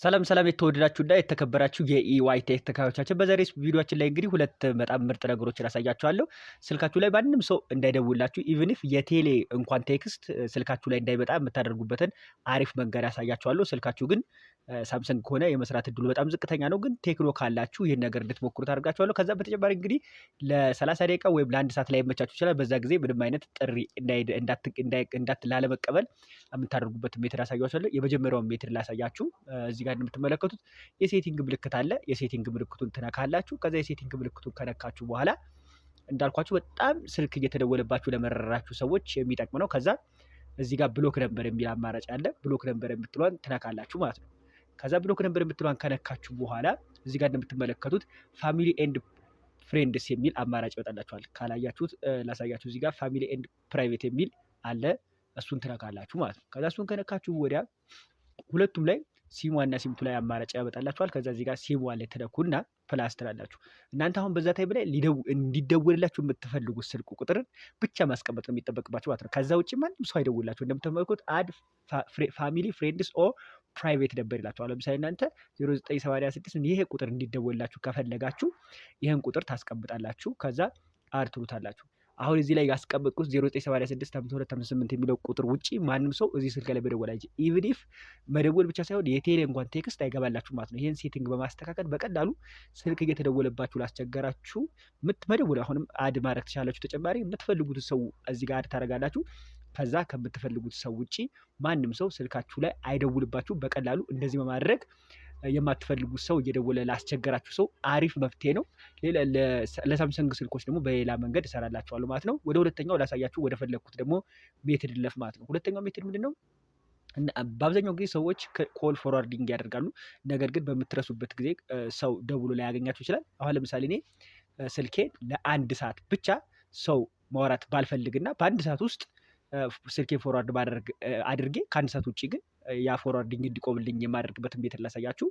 ሰላም ሰላም የተወደዳችሁና የተከበራችሁ የኢዋይ ቴክ ተከታዮቻችን፣ በዛሬ ቪዲዮችን ላይ እንግዲህ ሁለት በጣም ምርጥ ነገሮችን አሳያችኋለሁ። ስልካችሁ ላይ ማንም ሰው እንዳይደውላችሁ ኢቭንፍ የቴሌ እንኳን ቴክስት ስልካችሁ ላይ እንዳይመጣ የምታደርጉበትን አሪፍ መንገድ አሳያችኋለሁ። ስልካችሁ ግን ሳምሰንግ ከሆነ የመስራት እድሉ በጣም ዝቅተኛ ነው። ግን ቴክኖ ካላችሁ ይህን ነገር እንድትሞክሩ ታደርጋችኋለሁ። ከዛ በተጨማሪ እንግዲህ ለሰላሳ ደቂቃ ወይም ለአንድ ሰዓት ላይ መቻችሁ ይችላል። በዛ ጊዜ ምንም አይነት ጥሪ እንዳት ላለመቀበል የምታደርጉበት ሜትር አሳያችኋለሁ። የመጀመሪያውን ሜትር ላሳያችሁ እዚህ ጋር እንደምትመለከቱት የሴቲንግ ምልክት አለ። የሴቲንግ ምልክቱን ትነካላችሁ። ከዛ የሴቲንግ ምልክቱን ከነካችሁ በኋላ እንዳልኳችሁ በጣም ስልክ እየተደወለባችሁ ለመረራችሁ ሰዎች የሚጠቅም ነው። ከዛ እዚህ ጋር ብሎክ ነበር የሚል አማራጭ አለ። ብሎክ ነበር የምትሏን ትነካላችሁ ማለት ነው። ከዛ ብሎክ ነበር የምትሏን ከነካችሁ በኋላ እዚህ ጋር እንደምትመለከቱት ፋሚሊ ኤንድ ፍሬንድስ የሚል አማራጭ ይወጣላችኋል። ካላያችሁት ላሳያችሁ። እዚህ ጋር ፋሚሊ ኤንድ ፕራይቬት የሚል አለ። እሱን ትነካላችሁ ማለት ነው። ከዛ እሱን ከነካችሁ ወዲያ ሁለቱም ላይ ሲም ዋና ሲምቱ ላይ አማራጭ ያመጣላችኋል። ከዛ እዚህ ጋር ሲም ዋን ላይ ትነኩና ፕላስ ትላላችሁ። እናንተ አሁን በዛ ታይም ላይ እንዲደውልላችሁ የምትፈልጉት ስልክ ቁጥርን ብቻ ማስቀመጥ ነው የሚጠበቅባችሁ ማለት ነው። ከዛ ውጭ ማንም ሰው አይደውላችሁ። እንደምትመልኩት አድ ፋሚሊ ፍሬንድስ ኦ ፕራይቬት ነበር ይላችኋል። ለምሳሌ እናንተ 0986 ይሄ ቁጥር እንዲደወልላችሁ ከፈለጋችሁ ይህን ቁጥር ታስቀምጣላችሁ። ከዛ አድ ትሉታላችሁ። አሁን እዚህ ላይ ያስቀመጥኩት 09865258 የሚለው ቁጥር ውጭ ማንም ሰው እዚህ ስልክ ላይ መደወል አይችል። ኢቭን ኢፍ መደወል ብቻ ሳይሆን የቴሌ እንኳን ቴክስት አይገባላችሁ ማለት ነው። ይህን ሴቲንግ በማስተካከል በቀላሉ ስልክ እየተደወለባችሁ ላስቸገራችሁ መደወል አሁንም አድ ማድረግ ትችላላችሁ። ተጨማሪ የምትፈልጉት ሰው እዚህ ጋር አድ ታደርጋላችሁ። ከዛ ከምትፈልጉት ሰው ውጭ ማንም ሰው ስልካችሁ ላይ አይደውልባችሁ። በቀላሉ እንደዚህ በማድረግ የማትፈልጉት ሰው እየደወለ ላስቸገራችሁ ሰው አሪፍ መፍትሄ ነው። ለሳምሰንግ ስልኮች ደግሞ በሌላ መንገድ እሰራላችኋለሁ ማለት ነው። ወደ ሁለተኛው ላሳያችሁ ወደ ፈለግኩት ደግሞ ሜትድ ለፍ ማለት ነው። ሁለተኛው ሜትድ ምንድን ነው? በአብዛኛው ጊዜ ሰዎች ኮል ፎርዋርዲንግ ያደርጋሉ። ነገር ግን በምትረሱበት ጊዜ ሰው ደውሎ ላይ ይችላል። አሁን ለምሳሌ እኔ ስልኬን ለአንድ ሰዓት ብቻ ሰው ማውራት ባልፈልግና በአንድ ሰዓት ውስጥ ስልኬን ፎርዋርድ አድርጌ ከአንድ ሰዓት ውጭ ግን የፎርዋርዲንግ እንዲቆምልኝ የማደርግበትን ቤት ላሳያችሁ።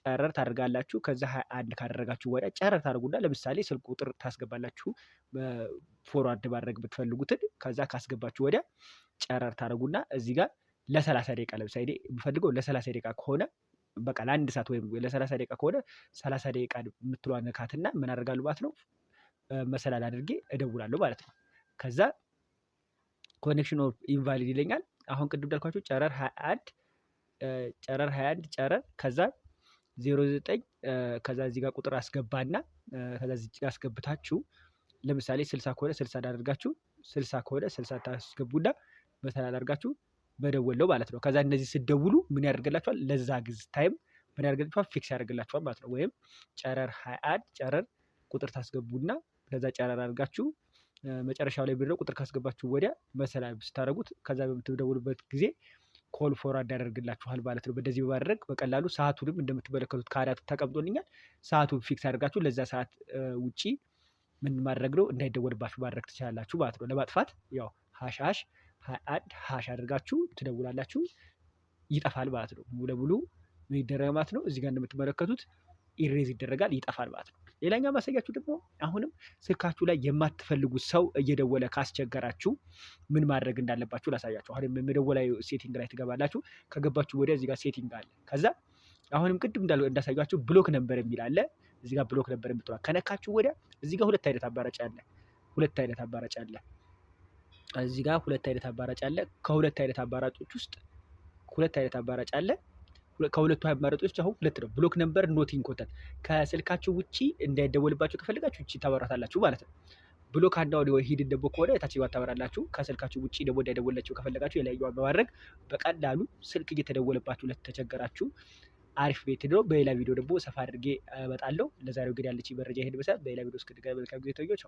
ጨረር ታደርጋላችሁ። ከዛ ሀያ አንድ ካደረጋችሁ ወዲያ ጨረር ታደርጉና ለምሳሌ ስልክ ቁጥር ታስገባላችሁ ፎርዋርድ ማድረግ ብትፈልጉትን። ከዛ ካስገባችሁ ወዲያ ጨረር ታደርጉና እዚህ ጋር ለሰላሳ ደቂቃ ለምሳሌ የምፈልገው ለሰላሳ ደቂቃ ከሆነ በቃ ለአንድ ሰዓት ወይም ለሰላሳ ደቂቃ ከሆነ ሰላሳ ደቂቃ የምትሏ ነካትና ምን አደርጋለሁ ማለት ነው መሰላል አድርጌ እደውላለሁ ማለት ነው። ከዛ ኮኔክሽን ኦፍ ኢንቫሊድ ይለኛል። አሁን ቅድም እንዳልኳችሁ ጨረር 21 ጨረር 21 ጨረር ከዛ 09 ከዛ እዚህ ጋር ቁጥር አስገባና ከዛ እዚህ ጋር አስገብታችሁ ለምሳሌ 60 ከሆነ 60 እንዳደርጋችሁ 60 ከሆነ 60 ታስገቡና በተላ አድርጋችሁ መደወል ነው ማለት ነው። ከዛ እነዚህ ስደውሉ ምን ያደርግላችኋል? ለዛ ግዝ ታይም ምን ያደርግላችኋል? ፊክስ ያደርግላችኋል ማለት ነው። ወይም ጨረር 21 ጨረር ቁጥር ታስገቡና ከዛ ጨረር አድርጋችሁ መጨረሻው ላይ ብድረው ቁጥር ካስገባችሁ ወዲያ መሰላ ስታደረጉት ከዛ በምትደውሉበት ጊዜ ኮል ፎርዋርድ ያደርግላችኋል ማለት ነው። በደዚህ በማድረግ በቀላሉ ሰዓቱንም እንደምትመለከቱት ከአዳቱ ተቀምጦልኛል። ሰዓቱን ፊክስ አድርጋችሁ ለዛ ሰዓት ውጪ ምን ማድረግ ነው እንዳይደወልባችሁ ማድረግ ትችላላችሁ ማለት ነው። ለማጥፋት ያው ሀሽ ሀሽ ሀያ አንድ ሀሽ አድርጋችሁ ትደውላላችሁ፣ ይጠፋል ማለት ነው። ሙሉ ለሙሉ ምን ይደረግ ማለት ነው። እዚህ ጋር እንደምትመለከቱት ኢሬዝ ይደረጋል፣ ይጠፋል ማለት ነው። ሌላኛው ማሳያችሁ ደግሞ አሁንም ስልካችሁ ላይ የማትፈልጉት ሰው እየደወለ ካስቸገራችሁ ምን ማድረግ እንዳለባችሁ ላሳያችሁ። አሁንም የመደወላዊ ሴቲንግ ላይ ትገባላችሁ። ከገባችሁ ወዲያ እዚጋ ሴቲንግ አለ። ከዛ አሁንም ቅድም እንዳሳያችሁ ብሎክ ነበር የሚል አለ። እዚህ ብሎክ ነበር የምትሏል ከነካችሁ ወዲያ እዚጋ ሁለት አይነት አባራጭ አለ። ሁለት አይነት አባራጭ አለ። እዚጋ ሁለት አይነት አባራጭ አለ። ከሁለት አይነት አባራጮች ውስጥ ሁለት አይነት አባራጭ አለ ከሁለቱ አማራጮች አሁን ሁለት ነው። ብሎክ ነምበር ኖቲንግ ይንኮተል ከስልካችሁ ውጪ እንዳይደወልባችሁ ከፈለጋችሁ ውጭ ታወራታላችሁ ማለት ነው። ብሎክ አንዳውን ሂድን ደግሞ ከሆነ የታች ታወራላችሁ። ከስልካችሁ ውጭ ደግሞ እንዳይደወላችሁ ከፈለጋችሁ የላይኛዋን በማድረግ በቀላሉ ስልክ እየተደወለባችሁ ለተቸገራችሁ አሪፍ ቤት ነው። በሌላ ቪዲዮ ደግሞ ሰፋ አድርጌ እመጣለሁ። ለዛሬው እንግዲህ ያለች መረጃ ይሄን መሰረት። በሌላ ቪዲዮ እስክንገናኝ መልካም ጊዜ ተኞች።